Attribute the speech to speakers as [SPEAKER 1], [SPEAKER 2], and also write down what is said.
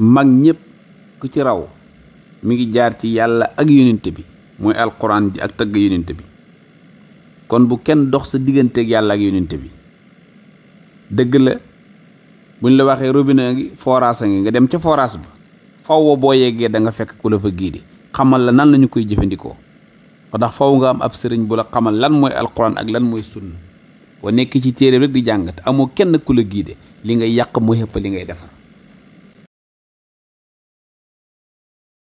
[SPEAKER 1] mag ñëpp ku ci raw mu ngi jaar ci yàlla ak yonent bi mooy alquran ji ak tëgg yonent bi kon bu kenn dox sa digganteeg yàlla ak yonent bi dëgg la buñ la waxee robinet ngi forage ngi nga dem ca forage ba faw boo yeggee da nga fekk ku la fa giide xamal la nan lañu koy jëfandikoo ndax faw nga am ab sëriñ bu la xamal lan mooy alquran ak lan mooy sunna boo nekk ci téere rek di jàngat amoo kenn ku la giide li ngay yàq mu xëpp li ngay defar